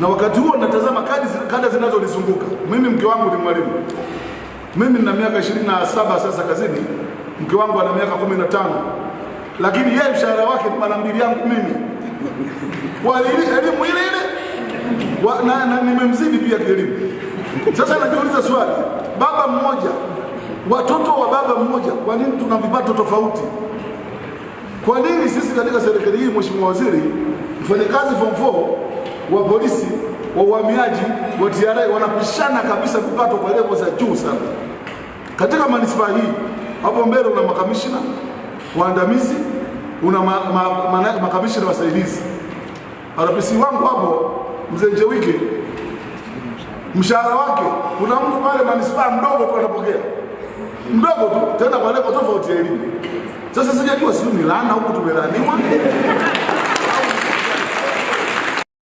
na wakati huo natazama kada zinazolizunguka. Mimi mke wangu ni mwalimu, mimi nina miaka ishirini na saba sasa kazini, mke wangu ana miaka kumi na tano lakini yeye mshahara wake ni mara mbili yangu mimi kwa elimu ile ile wa, na, na nimemzidi pia kielimu. Sasa najiuliza swali, baba mmoja, watoto wa baba mmoja, kwa nini tuna vipato tofauti? Kwa nini sisi katika serikali hii, mheshimiwa waziri, mfanyakazi form wa polisi wa uhamiaji wa TRA wanapishana kabisa kupatwa kwa levo za juu sana katika manispaa hii. Hapo mbele una makamishina waandamizi, una ma, ma, ma, ma, makamishina wasaidizi. arapisi wangu hapo mzee Njewike, mshahara wake kuna mtu pale manispaa mdogo tu anapokea mdogo tu, tena kwa levo tofauti ya elimu. Sasa sijajua, sio ni laana huku tumelaniwa